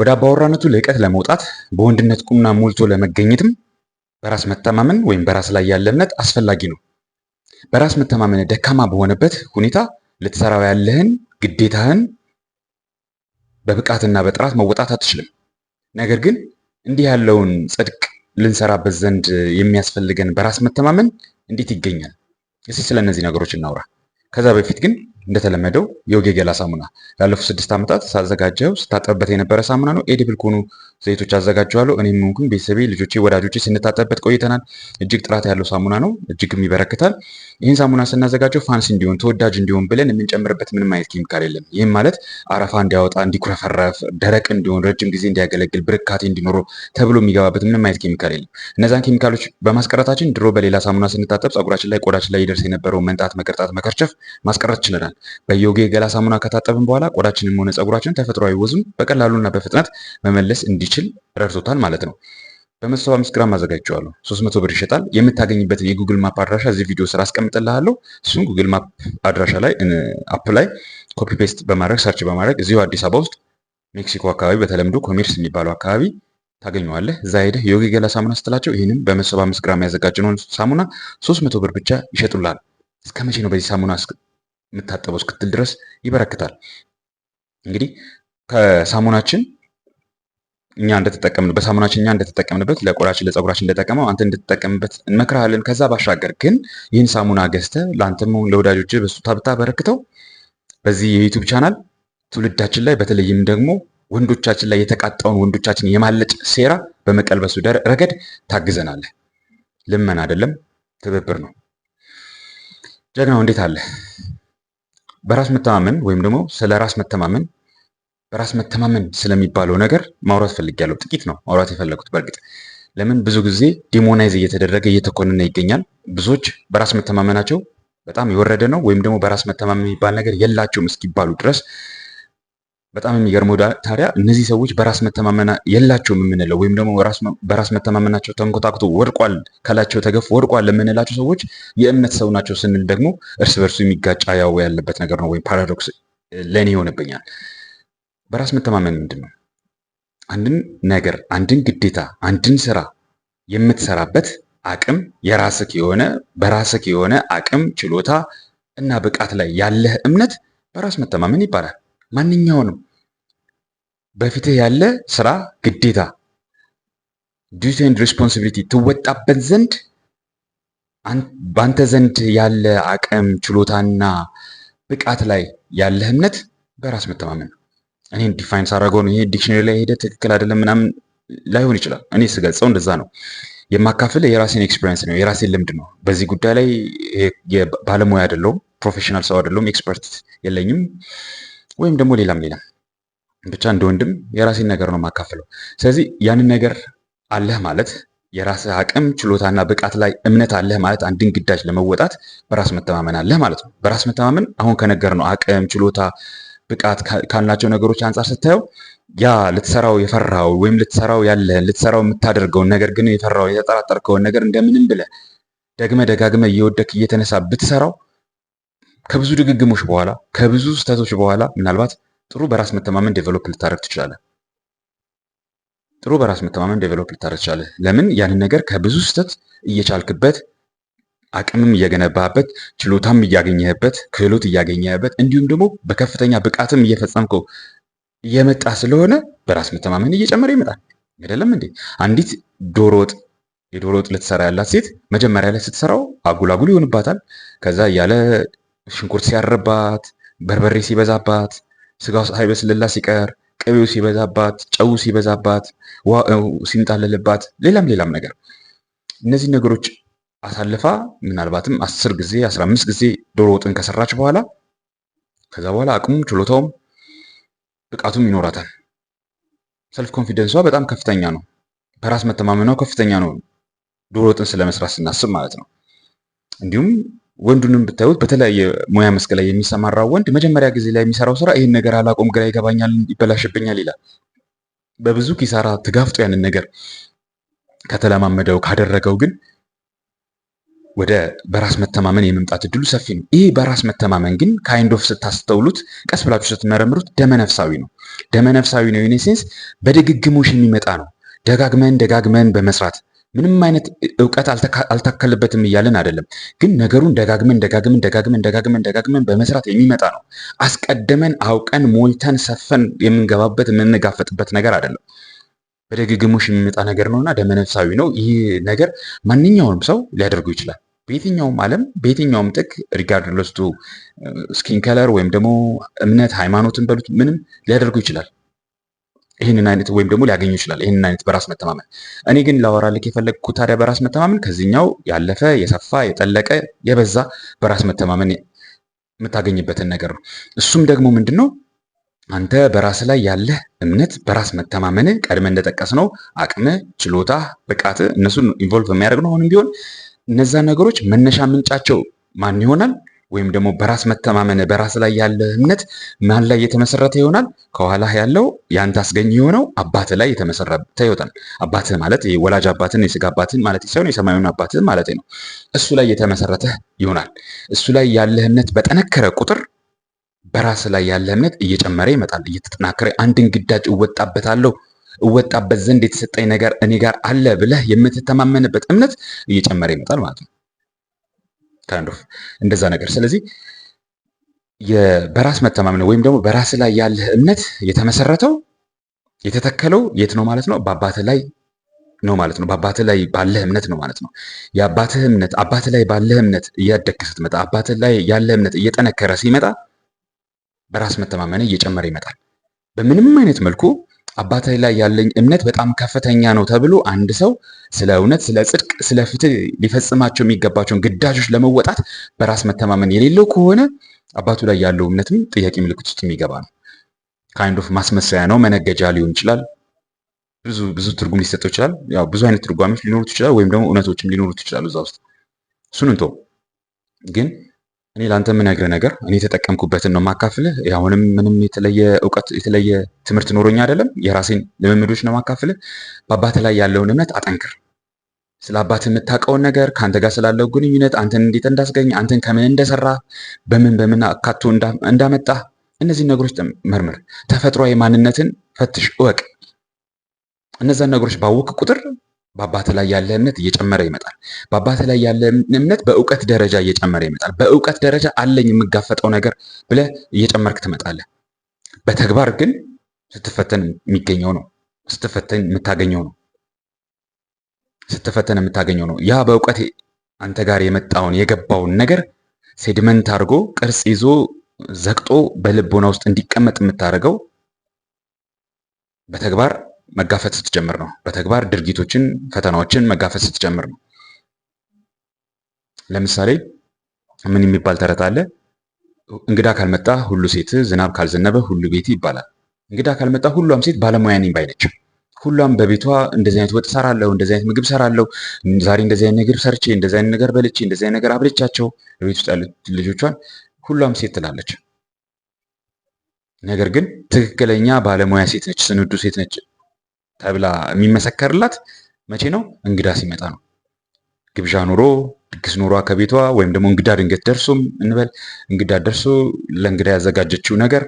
ወደ አባወራነቱ ልዕቀት ለመውጣት በወንድነት ቁምና ሞልቶ ለመገኘትም በራስ መተማመን ወይም በራስ ላይ ያለ እምነት አስፈላጊ ነው። በራስ መተማመን ደካማ በሆነበት ሁኔታ ልትሰራው ያለህን ግዴታህን በብቃትና በጥራት መወጣት አትችልም። ነገር ግን እንዲህ ያለውን ጽድቅ ልንሰራበት ዘንድ የሚያስፈልገን በራስ መተማመን እንዴት ይገኛል? እስኪ ስለ እነዚህ ነገሮች እናውራ። ከዛ በፊት ግን እንደተለመደው የዮጊ ሳሙና ላለፉት ስድስት ዓመታት ሳዘጋጀው ስታጠብበት የነበረ ሳሙና ነው። ኤዲብል ከሆኑ ዘይቶች አዘጋጀዋለሁ። እኔም ሆንኩኝ ቤተሰቤ፣ ልጆቼ፣ ወዳጆቼ ስንታጠብበት ቆይተናል። እጅግ ጥራት ያለው ሳሙና ነው። እጅግም ይበረክታል። ይህን ሳሙና ስናዘጋጀው ፋንስ እንዲሆን ተወዳጅ እንዲሆን ብለን የምንጨምርበት ምንም አይነት ኬሚካል የለም። ይህም ማለት አረፋ እንዲያወጣ፣ እንዲኩረፈረፍ፣ ደረቅ እንዲሆን፣ ረጅም ጊዜ እንዲያገለግል፣ ብርካቴ እንዲኖረው ተብሎ የሚገባበት ምንም አይነት ኬሚካል የለም። እነዛን ኬሚካሎች በማስቀረታችን ድሮ በሌላ ሳሙና ስንታጠብ ፀጉራችን ላይ ቆዳችን ላይ ይደርስ የነበረው መንጣት፣ መቀርጣት፣ መከርቸፍ ማስቀረት ችለናል። በየወጌ የገላ ሳሙና ከታጠብን በኋላ ቆዳችንም ሆነ ጸጉራችን ተፈጥሯዊ ወዙም በቀላሉና በፍጥነት መመለስ እንዲችል እንድችል ረድቶታል ማለት ነው። በመቶ ግራም አዘጋጅቼዋለሁ። 300 ብር ይሸጣል። የምታገኝበትን የጉግል ማፕ አድራሻ እዚህ ቪዲዮ ስራ አስቀምጥልሃለሁ። እሱን ጉግል ማፕ አድራሻ ላይ አፕ ላይ ኮፒ ፔስት በማድረግ ሰርች በማድረግ እዚሁ አዲስ አበባ ውስጥ ሜክሲኮ አካባቢ በተለምዶ ኮሜርስ የሚባለው አካባቢ ታገኘዋለህ። እዛ ሄደህ የዮጊ ገላ ሳሙና ስትላቸው ይህንም በመቶ ሰባ ግራም ያዘጋጀነውን ሳሙና 300 ብር ብቻ ይሸጡላል። እስከ መቼ ነው በዚህ ሳሙና የምታጠበው እስክትል ድረስ ይበረክታል። እንግዲህ ከሳሙናችን እኛ እንደተጠቀምን በሳሙናችን እኛ እንደተጠቀምንበት ለቆዳችን ለፀጉራችን እንደጠቀመው አንተ እንድትጠቀምበት እንመክርሃለን። ከዛ ባሻገር ግን ይህን ሳሙና ገዝተ ለአንተም ሁን ለወዳጆች በስጦታ ብታበረክተው በዚህ የዩቲዩብ ቻናል ትውልዳችን ላይ በተለይም ደግሞ ወንዶቻችን ላይ የተቃጣውን ወንዶቻችን የማለጭ ሴራ በመቀልበሱ ረገድ ታግዘናለህ። ልመን አይደለም ትብብር ነው። ጀግናው እንዴት አለ? በራስ መተማመን ወይም ደግሞ ስለ ራስ መተማመን በራስ መተማመን ስለሚባለው ነገር ማውራት ፈልጌያለሁ። ጥቂት ነው ማውራት የፈለጉት። በእርግጥ ለምን ብዙ ጊዜ ዲሞናይዝ እየተደረገ እየተኮነነ ይገኛል። ብዙዎች በራስ መተማመናቸው በጣም የወረደ ነው፣ ወይም ደግሞ በራስ መተማመን የሚባል ነገር የላቸውም እስኪባሉ ድረስ በጣም የሚገርመው ታዲያ እነዚህ ሰዎች በራስ መተማመና የላቸውም የምንለው ወይም ደግሞ በራስ መተማመናቸው ተንኮታኩቶ ወድቋል፣ ከላቸው ተገፍ ወድቋል ለምንላቸው ሰዎች የእምነት ሰው ናቸው ስንል ደግሞ እርስ በርሱ የሚጋጫ ያው ያለበት ነገር ነው ወይም ፓራዶክስ ለእኔ ይሆንብኛል። በራስ መተማመን ምንድን ነው? አንድን ነገር፣ አንድን ግዴታ፣ አንድን ስራ የምትሰራበት አቅም የራስህ የሆነ በራስህ የሆነ አቅም፣ ችሎታ እና ብቃት ላይ ያለህ እምነት በራስ መተማመን ይባላል። ማንኛውንም በፊትህ ያለ ስራ፣ ግዴታ ዲዩቲ ኤንድ ሪስፖንሲቢሊቲ ትወጣበት ዘንድ በአንተ ዘንድ ያለ አቅም ችሎታና ብቃት ላይ ያለህ እምነት በራስ መተማመን ነው። እኔ ዲፋይን ሳረገው ነው ይሄ ዲክሽነሪ ላይ ሄደ ትክክል አይደለም ምናምን ላይሆን ይችላል። እኔ ስገልጸው እንደዛ ነው የማካፍል የራሴን ኤክስፔሪንስ ነው የራሴን ልምድ ነው። በዚህ ጉዳይ ላይ ባለሙያ አይደለሁም፣ ፕሮፌሽናል ሰው አይደለሁም፣ ኤክስፐርት የለኝም ወይም ደግሞ ሌላም ሌላም ብቻ እንደ ወንድም የራሴን ነገር ነው የማካፍለው። ስለዚህ ያንን ነገር አለህ ማለት የራስህ አቅም ችሎታና ብቃት ላይ እምነት አለህ ማለት አንድን ግዳጅ ለመወጣት በራስ መተማመን አለህ ማለት ነው። በራስ መተማመን አሁን ከነገር ነው አቅም ችሎታ ብቃት ካላቸው ነገሮች አንጻር ስታየው ያ ልትሰራው የፈራው ወይም ልትሰራው ያለህን ልትሰራው የምታደርገውን ነገር ግን የፈራው የተጠራጠርከውን ነገር እንደምንም ብለ ደግመ ደጋግመ እየወደክ እየተነሳ ብትሰራው ከብዙ ድግግሞች በኋላ ከብዙ ስህተቶች በኋላ ምናልባት ጥሩ በራስ መተማመን ዴቨሎፕ ልታደርግ ትችላለህ። ጥሩ በራስ መተማመን ዴቨሎፕ ልታደርግ ትችላለህ። ለምን ያንን ነገር ከብዙ ስህተት እየቻልክበት አቅምም እየገነባበት ችሎታም እያገኘህበት ክህሎት እያገኘህበት እንዲሁም ደግሞ በከፍተኛ ብቃትም እየፈጸምከው እየመጣ ስለሆነ በራስ መተማመን እየጨመረ ይመጣል። አይደለም እንዴ? አንዲት ዶሮ ወጥ የዶሮ ወጥ ልትሰራ ያላት ሴት መጀመሪያ ላይ ስትሰራው አጉላጉል ይሆንባታል። ከዛ እያለ ሽንኩርት ሲያርባት፣ በርበሬ ሲበዛባት፣ ስጋው ሳይበስልላት ሲቀር፣ ቅቤው ሲበዛባት፣ ጨው ሲበዛባት፣ ሲንጣለልባት፣ ሌላም ሌላም ነገር እነዚህ ነገሮች አሳልፋ ምናልባትም አስር ጊዜ አስራ አምስት ጊዜ ዶሮ ወጥን ከሰራች በኋላ ከዛ በኋላ አቅሙም ችሎታውም ብቃቱም ይኖራታል። ሰልፍ ኮንፊደንሷ በጣም ከፍተኛ ነው። በራስ መተማመኗ ከፍተኛ ነው። ዶሮ ወጥን ስለመስራት ስናስብ ማለት ነው። እንዲሁም ወንዱንም ብታዩት በተለያየ ሙያ መስክ ላይ የሚሰማራው ወንድ መጀመሪያ ጊዜ ላይ የሚሰራው ስራ ይህን ነገር አላቆም፣ ግራ ይገባኛል፣ ይበላሽብኛል ይላል። በብዙ ኪሳራ ትጋፍጦ ያንን ነገር ከተለማመደው ካደረገው ግን ወደ በራስ መተማመን የመምጣት እድሉ ሰፊ ነው። ይህ በራስ መተማመን ግን ካይንድ ኦፍ ስታስተውሉት፣ ቀስ ብላችሁ ስትመረምሩት ደመነፍሳዊ ነው። ደመነፍሳዊ ነው ዩኔ ሴንስ በድግግሞሽ የሚመጣ ነው። ደጋግመን ደጋግመን በመስራት ምንም አይነት እውቀት አልታከልበትም እያለን አይደለም። ግን ነገሩን ደጋግመን ደጋግመን ደጋግመን ደጋግመን ደጋግመን በመስራት የሚመጣ ነው። አስቀድመን አውቀን ሞልተን ሰፈን የምንገባበት የምንጋፈጥበት ነገር አይደለም። በድግግሞሽ የሚመጣ ነገር ነውና ደመነፍሳዊ ነው። ይህ ነገር ማንኛውንም ሰው ሊያደርገው ይችላል። በየትኛውም ዓለም በየትኛውም ጥግ ሪጋርድለስ ቱ ስኪን ከለር ወይም ደግሞ እምነት ሃይማኖትን በሉት ምንም ሊያደርጉ ይችላል። ይህንን አይነት ወይም ደግሞ ሊያገኙ ይችላል ይህንን አይነት በራስ መተማመን። እኔ ግን ላወራልክ የፈለግኩት ታዲያ በራስ መተማመን ከዚህኛው ያለፈ የሰፋ የጠለቀ የበዛ በራስ መተማመን የምታገኝበትን ነገር ነው። እሱም ደግሞ ምንድን ነው? አንተ በራስ ላይ ያለህ እምነት በራስ መተማመን ቀድመ እንደጠቀስ ነው አቅም፣ ችሎታ፣ ብቃት እነሱን ኢንቮልቭ የሚያደርግ ነው አሁንም ቢሆን እነዛ ነገሮች መነሻ ምንጫቸው ማን ይሆናል? ወይም ደግሞ በራስ መተማመን በራስ ላይ ያለ እምነት ማን ላይ የተመሰረተ ይሆናል? ከኋላ ያለው የአንተ አስገኝ የሆነው አባት ላይ የተመሰረተ ይሆናል። አባት ማለት ወላጅ አባትን የስጋ አባትን ማለት ሳይሆን የሰማዩን አባት ማለት ነው። እሱ ላይ የተመሰረተ ይሆናል። እሱ ላይ ያለ እምነት በጠነከረ ቁጥር በራስ ላይ ያለ እምነት እየጨመረ ይመጣል፣ እየተጠናከረ አንድን ግዳጅ እወጣበታለሁ እወጣበት ዘንድ የተሰጠኝ ነገር እኔ ጋር አለ ብለህ የምትተማመንበት እምነት እየጨመረ ይመጣል ማለት ነው። ካንዶ እንደዛ ነገር። ስለዚህ በራስ መተማመን ወይም ደግሞ በራስ ላይ ያለህ እምነት የተመሰረተው የተተከለው የት ነው ማለት ነው? በአባትህ ላይ ነው ማለት ነው። በአባትህ ላይ ባለህ እምነት ነው ማለት ነው። የአባትህ እምነት አባትህ ላይ ባለህ እምነት እያደግክ ስትመጣ፣ አባትህ ላይ ያለህ እምነት እየጠነከረ ሲመጣ በራስ መተማመን እየጨመረ ይመጣል። በምንም አይነት መልኩ አባታይ ላይ ያለኝ እምነት በጣም ከፍተኛ ነው ተብሎ አንድ ሰው ስለ እውነት፣ ስለ ጽድቅ፣ ስለ ፍትህ ሊፈጽማቸው የሚገባቸውን ግዳጆች ለመወጣት በራስ መተማመን የሌለው ከሆነ አባቱ ላይ ያለው እምነትም ጥያቄ ምልክት ውስጥ የሚገባ ነው። ካይንድ ኦፍ ማስመሰያ ነው፣ መነገጃ ሊሆን ይችላል። ብዙ ብዙ ትርጉም ሊሰጠው ይችላል። ያው ብዙ አይነት ትርጓሜዎች ሊኖሩት ይችላል፣ ወይም ደግሞ እውነቶችም ሊኖሩት ይችላሉ እዛ ውስጥ እሱን እንቶ ግን እኔ ለአንተ የምነግርህ ነገር እኔ የተጠቀምኩበትን ነው ማካፍልህ። አሁንም ምንም የተለየ እውቀት የተለየ ትምህርት ኖሮኝ አይደለም፣ የራሴን ልምምዶች ነው ማካፍልህ። በአባት ላይ ያለውን እምነት አጠንክር። ስለ አባት የምታውቀውን ነገር ከአንተ ጋር ስላለው ግንኙነት፣ አንተን እንዴት እንዳስገኝ፣ አንተን ከምን እንደሰራ፣ በምን በምን አካቶ እንዳመጣ፣ እነዚህን ነገሮች መርምር። ተፈጥሯዊ ማንነትን ፈትሽ፣ እወቅ። እነዛን ነገሮች ባወቅ ቁጥር በአባት ላይ ያለ እምነት እየጨመረ ይመጣል። በአባት ላይ ያለ እምነት በእውቀት ደረጃ እየጨመረ ይመጣል። በእውቀት ደረጃ አለኝ የምጋፈጠው ነገር ብለ እየጨመርክ ትመጣለህ። በተግባር ግን ስትፈተን የሚገኘው ነው። ስትፈተን የምታገኘው ነው። ስትፈተን የምታገኘው ነው። ያ በእውቀት አንተ ጋር የመጣውን የገባውን ነገር ሴድመንት አድርጎ ቅርጽ ይዞ ዘቅጦ በልቦና ውስጥ እንዲቀመጥ የምታደርገው በተግባር መጋፈጥ ስትጀምር ነው። በተግባር ድርጊቶችን፣ ፈተናዎችን መጋፈጥ ስትጀምር ነው። ለምሳሌ ምን የሚባል ተረት አለ? እንግዳ ካልመጣ ሁሉ ሴት፣ ዝናብ ካልዘነበ ሁሉ ቤት ይባላል። እንግዳ ካልመጣ ሁሏም ሴት ባለሙያ ነኝ ባይ ነች። ሁሏም በቤቷ እንደዚህ አይነት ወጥ ሰራለሁ፣ እንደዚህ አይነት ምግብ ሰራለሁ፣ ዛሬ እንደዚህ አይነት ነገር ሰርቼ፣ እንደዚህ አይነት ነገር በልቼ፣ እንደዚህ አይነት ነገር አብልቻቸው በቤት ውስጥ ያሉት ልጆቿን ሁሏም ሴት ትላለች። ነገር ግን ትክክለኛ ባለሙያ ሴት ነች፣ ስንዱ ሴት ነች ተብላ የሚመሰከርላት መቼ ነው? እንግዳ ሲመጣ ነው። ግብዣ ኑሮ ድግስ ኑሯ ከቤቷ ወይም ደግሞ እንግዳ ድንገት ደርሶም እንበል እንግዳ ደርሶ ለእንግዳ ያዘጋጀችው ነገር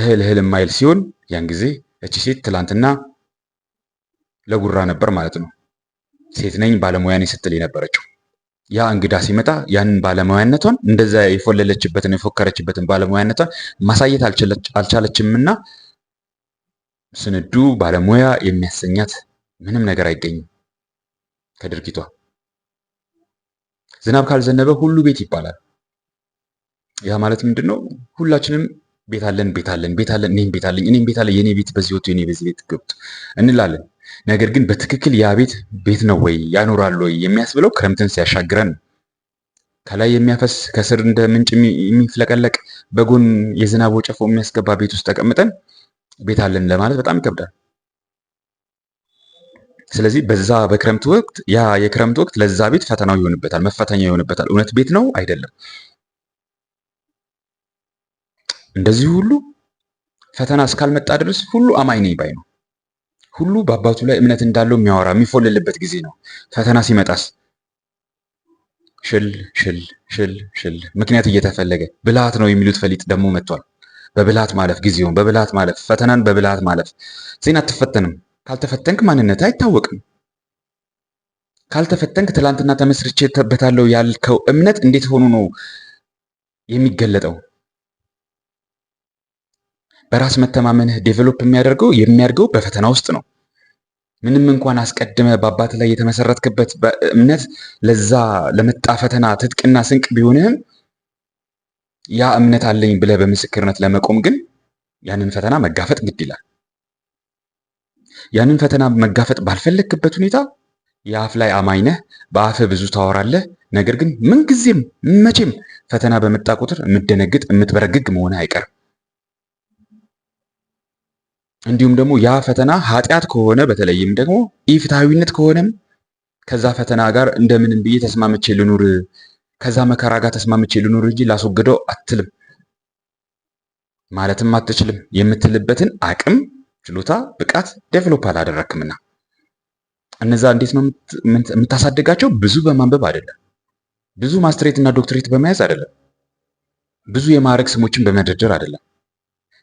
እህል እህል የማይል ሲሆን ያን ጊዜ እቺ ሴት ትላንትና ለጉራ ነበር ማለት ነው። ሴት ነኝ ባለሙያ ነኝ ስትል የነበረችው ያ እንግዳ ሲመጣ ያንን ባለሙያነቷን እንደዛ የፎለለችበትን የፎከረችበትን ባለሙያነቷን ማሳየት አልቻለችምና ስንዱ ባለሙያ የሚያሰኛት ምንም ነገር አይገኝም ከድርጊቷ። ዝናብ ካልዘነበ ሁሉ ቤት ይባላል። ያ ማለት ምንድን ነው? ሁላችንም ቤት አለን፣ ቤት አለን፣ ቤት አለን፣ እኔም ቤት አለኝ፣ እኔም ቤት አለኝ፣ የኔ ቤት በዚህ ወጥቶ የኔ በዚህ ቤት ገብቶ እንላለን። ነገር ግን በትክክል ያ ቤት ቤት ነው ወይ ያኖራል ወይ የሚያስብለው ክረምትን ሲያሻግረን ከላይ የሚያፈስ ከስር እንደ ምንጭ የሚፍለቀለቅ በጎን የዝናብ ወጨፎ የሚያስገባ ቤት ውስጥ ተቀምጠን ቤት አለን ለማለት በጣም ይከብዳል። ስለዚህ በዛ በክረምት ወቅት ያ የክረምት ወቅት ለዛ ቤት ፈተናው ይሆንበታል፣ መፈተኛ ይሆንበታል። እውነት ቤት ነው አይደለም። እንደዚህ ሁሉ ፈተና እስካልመጣ ድረስ ሁሉ አማኝ ነኝ ባይ ነው። ሁሉ በአባቱ ላይ እምነት እንዳለው የሚያወራ የሚፎልልበት ጊዜ ነው። ፈተና ሲመጣስ ሽል ሽል ሽል ሽል ምክንያት እየተፈለገ ብልሃት ነው የሚሉት ፈሊጥ ደግሞ መጥቷል። በብልሃት ማለፍ ጊዜውን በብልሃት ማለፍ ፈተናን በብልሃት ማለፍ። ዜና አትፈተንም። ካልተፈተንክ ማንነት አይታወቅም። ካልተፈተንክ ትላንትና በታለው ያልከው እምነት እንዴት ሆኖ ነው የሚገለጠው? በራስ መተማመንህ ዴቨሎፕ የሚያደርገው የሚያድገው በፈተና ውስጥ ነው። ምንም እንኳን አስቀድመ በአባት ላይ የተመሰረትክበት እምነት ለዛ ለመጣ ፈተና ትጥቅና ስንቅ ቢሆንህም ያ እምነት አለኝ ብለህ በምስክርነት ለመቆም ግን ያንን ፈተና መጋፈጥ ግድ ይላል። ያንን ፈተና መጋፈጥ ባልፈለግክበት ሁኔታ የአፍ ላይ አማኝ ነህ፣ በአፍህ ብዙ ታወራለህ። ነገር ግን ምንጊዜም መቼም ፈተና በመጣ ቁጥር የምደነግጥ የምትበረግግ መሆን አይቀርም። እንዲሁም ደግሞ ያ ፈተና ኃጢአት ከሆነ በተለይም ደግሞ ኢፍትሐዊነት ከሆነም ከዛ ፈተና ጋር እንደምንም ብዬ ተስማምቼ ልኑር ከዛ መከራ ጋር ተስማምቼ ልኑር እንጂ ላስወግደው አትልም ማለትም አትችልም። የምትልበትን አቅም፣ ችሎታ፣ ብቃት ዴቨሎፕ አላደረክምና እነዛ እንዴት ነው የምታሳድጋቸው? ብዙ በማንበብ አይደለም፣ ብዙ ማስትሬት እና ዶክትሬት በመያዝ አይደለም፣ ብዙ የማዕረግ ስሞችን በመደርደር አይደለም።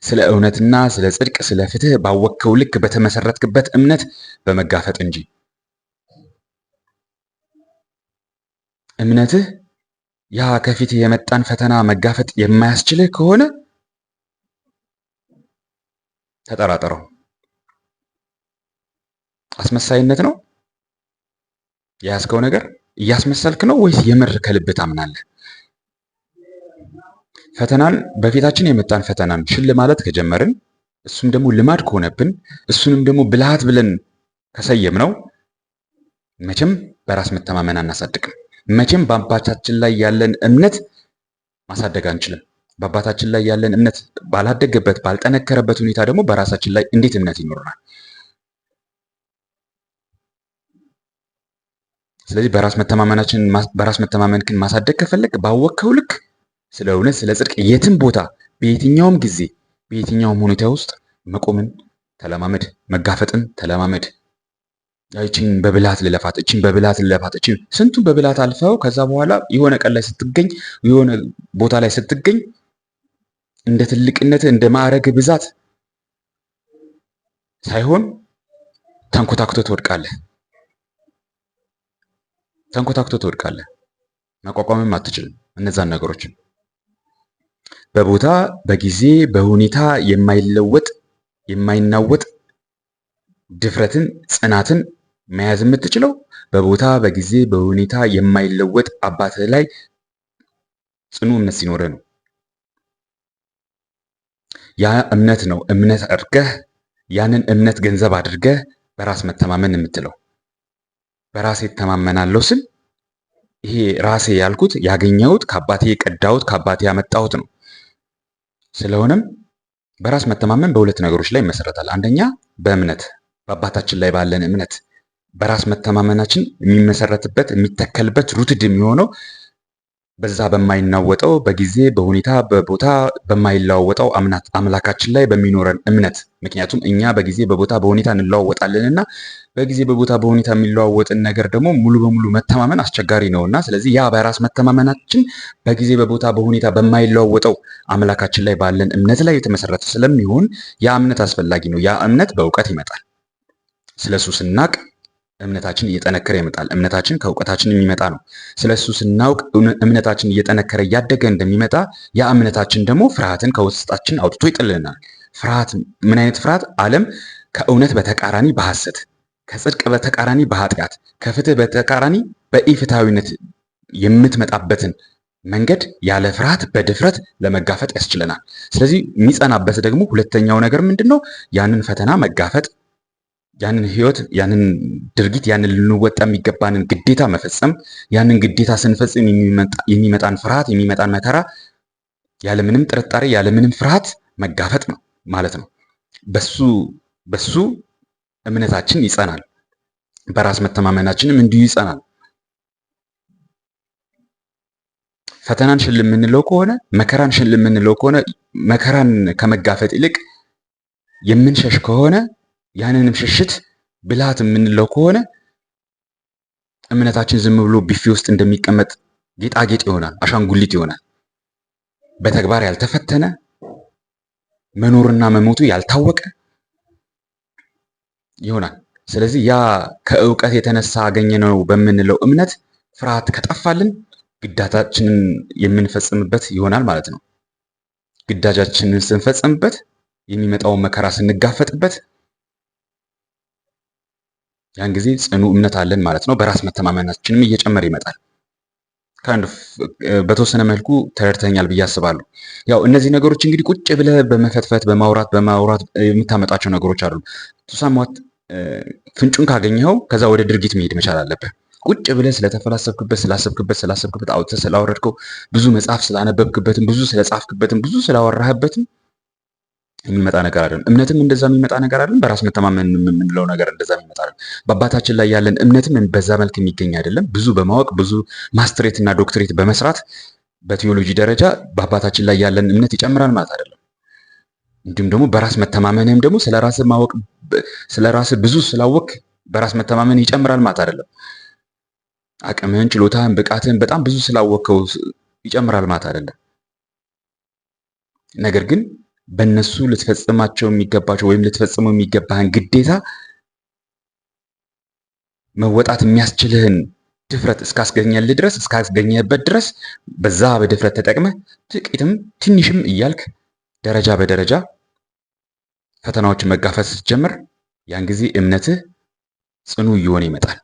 ስለ እውነትና ስለ ጽድቅ፣ ስለ ፍትህ ባወቅከው ልክ በተመሰረትክበት እምነት በመጋፈጥ እንጂ እምነትህ ያ ከፊት የመጣን ፈተና መጋፈጥ የማያስችልህ ከሆነ ተጠራጠረው። አስመሳይነት ነው የያዝከው ነገር። እያስመሰልክ ነው ወይስ የምር ከልብ ታምናለህ? ፈተናን በፊታችን የመጣን ፈተናን ሽል ማለት ከጀመርን እሱም ደግሞ ልማድ ከሆነብን እሱንም ደግሞ ብልሃት ብለን ከሰየም ነው መቼም በራስ መተማመን አናሳድቅም። መቼም በአባታችን ላይ ያለን እምነት ማሳደግ አንችልም። በአባታችን ላይ ያለን እምነት ባላደገበት ባልጠነከረበት ሁኔታ ደግሞ በራሳችን ላይ እንዴት እምነት ይኖረናል? ስለዚህ በራስ መተማመናችን በራስ መተማመንክን ማሳደግ ከፈለግ ባወቅከው ልክ ስለ እውነት ስለ ጽድቅ የትም ቦታ በየትኛውም ጊዜ በየትኛውም ሁኔታ ውስጥ መቆምን ተለማመድ፣ መጋፈጥን ተለማመድ። እችን በብላት ልለፋት፣ እችን በብላት ልለፋት፣ እችን ስንቱን በብላት አልፈው ከዛ በኋላ የሆነ ቀን ላይ ስትገኝ የሆነ ቦታ ላይ ስትገኝ እንደ ትልቅነት እንደ ማዕረግ ብዛት ሳይሆን ተንኮታክቶ ትወድቃለህ። ተንኮታክቶ ትወድቃለህ። መቋቋምም አትችልም እነዛን ነገሮችን በቦታ በጊዜ በሁኔታ የማይለወጥ የማይናወጥ ድፍረትን ጽናትን መያዝ የምትችለው በቦታ በጊዜ በሁኔታ የማይለወጥ አባት ላይ ጽኑ እምነት ሲኖረ ነው። ያ እምነት ነው እምነት አድርገህ ያንን እምነት ገንዘብ አድርገህ በራስ መተማመን የምትለው። በራሴ እተማመናለሁ ስል ይሄ ራሴ ያልኩት ያገኘሁት ከአባቴ የቀዳሁት ከአባቴ ያመጣሁት ነው። ስለሆነም በራስ መተማመን በሁለት ነገሮች ላይ ይመሰረታል። አንደኛ በእምነት በአባታችን ላይ ባለን እምነት በራስ መተማመናችን የሚመሰረትበት የሚተከልበት ሩትድ የሚሆነው በዛ በማይናወጠው በጊዜ በሁኔታ በቦታ በማይለዋወጠው አምላካችን ላይ በሚኖረን እምነት። ምክንያቱም እኛ በጊዜ በቦታ በሁኔታ እና በጊዜ በቦታ በሁኔታ የሚለዋወጥን ነገር ደግሞ ሙሉ በሙሉ መተማመን አስቸጋሪ ነውና፣ ስለዚህ ያ በራስ መተማመናችን በጊዜ በቦታ በሁኔታ በማይለዋወጠው አምላካችን ላይ ባለን እምነት ላይ የተመሰረተ ስለሚሆን ያ እምነት አስፈላጊ ነው። ያ እምነት በእውቀት ይመጣል። ስለሱ ስናቅ እምነታችን እየጠነከረ ይመጣል። እምነታችን ከእውቀታችን የሚመጣ ነው። ስለ እሱ ስናውቅ እምነታችን እየጠነከረ እያደገ እንደሚመጣ ያ እምነታችን ደግሞ ፍርሃትን ከውስጣችን አውጥቶ ይጥልልናል። ፍርሃት ምን አይነት ፍርሃት? ዓለም ከእውነት በተቃራኒ በሐሰት ከጽድቅ በተቃራኒ በኃጢአት ከፍትህ በተቃራኒ በኢፍትሐዊነት የምትመጣበትን መንገድ ያለ ፍርሃት በድፍረት ለመጋፈጥ ያስችለናል። ስለዚህ የሚጸናበት ደግሞ ሁለተኛው ነገር ምንድን ነው? ያንን ፈተና መጋፈጥ ያንን ህይወት ያንን ድርጊት ያንን ልንወጣ የሚገባንን ግዴታ መፈጸም ያንን ግዴታ ስንፈጽም የሚመጣን ፍርሃት የሚመጣን መከራ ያለምንም ጥርጣሬ ያለምንም ፍርሃት መጋፈጥ ነው ማለት ነው። በሱ በሱ እምነታችን ይጸናል፣ በራስ መተማመናችንም እንዲሁ ይጸናል። ፈተናን ሽል የምንለው ከሆነ መከራን ሽል የምንለው ከሆነ መከራን ከመጋፈጥ ይልቅ የምንሸሽ ከሆነ ያንንም ሽሽት ብልሃት የምንለው ከሆነ እምነታችን ዝም ብሎ ቢፌ ውስጥ እንደሚቀመጥ ጌጣጌጥ ይሆናል፣ አሻንጉሊት ይሆናል። በተግባር ያልተፈተነ መኖርና መሞቱ ያልታወቀ ይሆናል። ስለዚህ ያ ከእውቀት የተነሳ አገኘነው በምንለው እምነት ፍርሃት ከጠፋልን ግዳጃችንን የምንፈጽምበት ይሆናል ማለት ነው። ግዳጃችንን ስንፈጽምበት የሚመጣውን መከራ ስንጋፈጥበት ያን ጊዜ ጽኑ እምነት አለን ማለት ነው። በራስ መተማመናችንም እየጨመረ ይመጣል። ከአንድ በተወሰነ መልኩ ተረድተኛል ብዬ አስባለሁ። ያው እነዚህ ነገሮች እንግዲህ ቁጭ ብለህ በመፈትፈት በማውራት በማውራት የምታመጣቸው ነገሮች አሉ። ቱሳሟት ፍንጩን ካገኘኸው ከዛ ወደ ድርጊት መሄድ መቻል አለብህ። ቁጭ ብለህ ስለተፈላሰብክበት ስላሰብክበት ስላሰብክበት አውጥተህ ስላወረድከው ብዙ መጽሐፍ ስላነበብክበትም ብዙ ስለጻፍክበትም ብዙ ስላወራህበትም የሚመጣ ነገር አይደለም። እምነትም እንደዛ የሚመጣ ነገር አይደለም። በራስ መተማመን የምንለው ነገር እንደዛ የሚመጣ አይደለም። በአባታችን ላይ ያለን እምነትም በዛ መልክ የሚገኝ አይደለም። ብዙ በማወቅ ብዙ ማስትሬት እና ዶክትሬት በመስራት በቴዎሎጂ ደረጃ በአባታችን ላይ ያለን እምነት ይጨምራል ማለት አይደለም። እንዲሁም ደግሞ በራስ መተማመንም ደግሞ ስለ ራስ ማወቅ ስለ ራስ ብዙ ስላወቅ በራስ መተማመን ይጨምራል ማለት አይደለም። አቅምህን፣ ችሎታህን፣ ብቃትህን በጣም ብዙ ስላወቅከው ይጨምራል ማለት አይደለም። ነገር ግን በእነሱ ልትፈጽማቸው የሚገባቸው ወይም ልትፈጽመው የሚገባህን ግዴታ መወጣት የሚያስችልህን ድፍረት እስካስገኘልህ ድረስ እስካስገኘህበት ድረስ በዛ በድፍረት ተጠቅመህ ጥቂትም ትንሽም እያልክ ደረጃ በደረጃ ፈተናዎችን መጋፈት ስትጀምር ያን ጊዜ እምነትህ ጽኑ እየሆነ ይመጣል።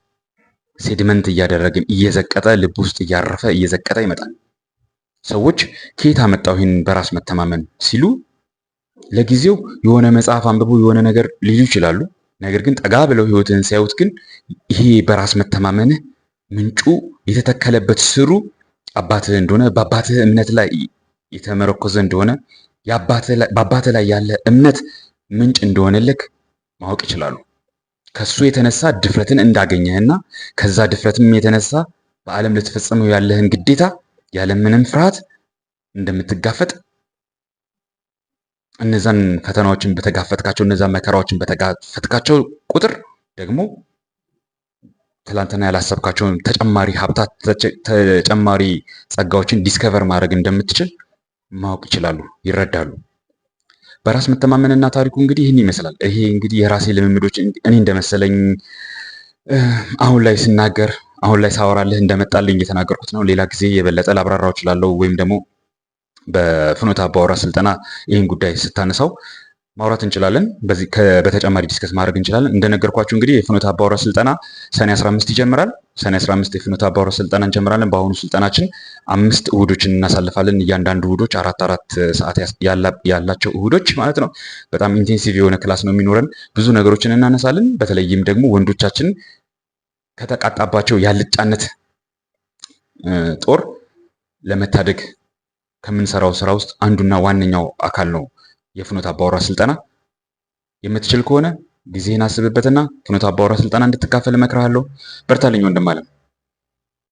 ሴድመንት እያደረግን እየዘቀጠ ልብ ውስጥ እያረፈ እየዘቀጠ ይመጣል። ሰዎች ከየት አመጣው ይህን በራስ መተማመን ሲሉ ለጊዜው የሆነ መጽሐፍ አንብበው የሆነ ነገር ሊሉ ይችላሉ። ነገር ግን ጠጋ ብለው ህይወትን ሲያዩት ግን ይሄ በራስ መተማመንህ ምንጩ የተተከለበት ስሩ አባትህ እንደሆነ በአባትህ እምነት ላይ የተመረኮዘ እንደሆነ በአባትህ ላይ ያለ እምነት ምንጭ እንደሆነልክ ማወቅ ይችላሉ። ከሱ የተነሳ ድፍረትን እንዳገኘህና ከዛ ድፍረትም የተነሳ በዓለም ልትፈጽመው ያለህን ግዴታ ያለምንም ፍርሃት እንደምትጋፈጥ እነዛን ፈተናዎችን በተጋፈጥካቸው እነዛን መከራዎችን በተጋፈጥካቸው ቁጥር ደግሞ ትላንትና ያላሰብካቸውን ተጨማሪ ሀብታት ተጨማሪ ጸጋዎችን ዲስከቨር ማድረግ እንደምትችል ማወቅ ይችላሉ፣ ይረዳሉ። በራስ መተማመንና ታሪኩ እንግዲህ ይህን ይመስላል። ይሄ እንግዲህ የራሴ ልምምዶች እኔ እንደመሰለኝ አሁን ላይ ስናገር አሁን ላይ ሳወራልህ እንደመጣልኝ እየተናገርኩት ነው። ሌላ ጊዜ የበለጠ ላብራራው እችላለሁ ወይም ደግሞ በፍኖተ አባወራ ስልጠና ይህን ጉዳይ ስታነሳው ማውራት እንችላለን። በተጨማሪ ዲስከስ ማድረግ እንችላለን። እንደነገርኳችሁ እንግዲህ የፍኖተ አባወራ ስልጠና ሰኔ 15 ይጀምራል። ሰኔ 15 የፍኖተ አባወራ ስልጠና እንጀምራለን። በአሁኑ ስልጠናችን አምስት እሁዶችን እናሳልፋለን። እያንዳንዱ እሁዶች አራት አራት ሰዓት ያላቸው እሁዶች ማለት ነው። በጣም ኢንቴንሲቭ የሆነ ክላስ ነው የሚኖረን። ብዙ ነገሮችን እናነሳለን። በተለይም ደግሞ ወንዶቻችን ከተቃጣባቸው ያልጫነት ጦር ለመታደግ ከምንሰራው ስራ ውስጥ አንዱና ዋነኛው አካል ነው የፍኖተ አባወራ ስልጠና። የምትችል ከሆነ ጊዜህን አስብበትና ፍኖተ አባወራ ስልጠና እንድትካፈል እመክርሃለሁ። በርታልኝ ወንድም አለም።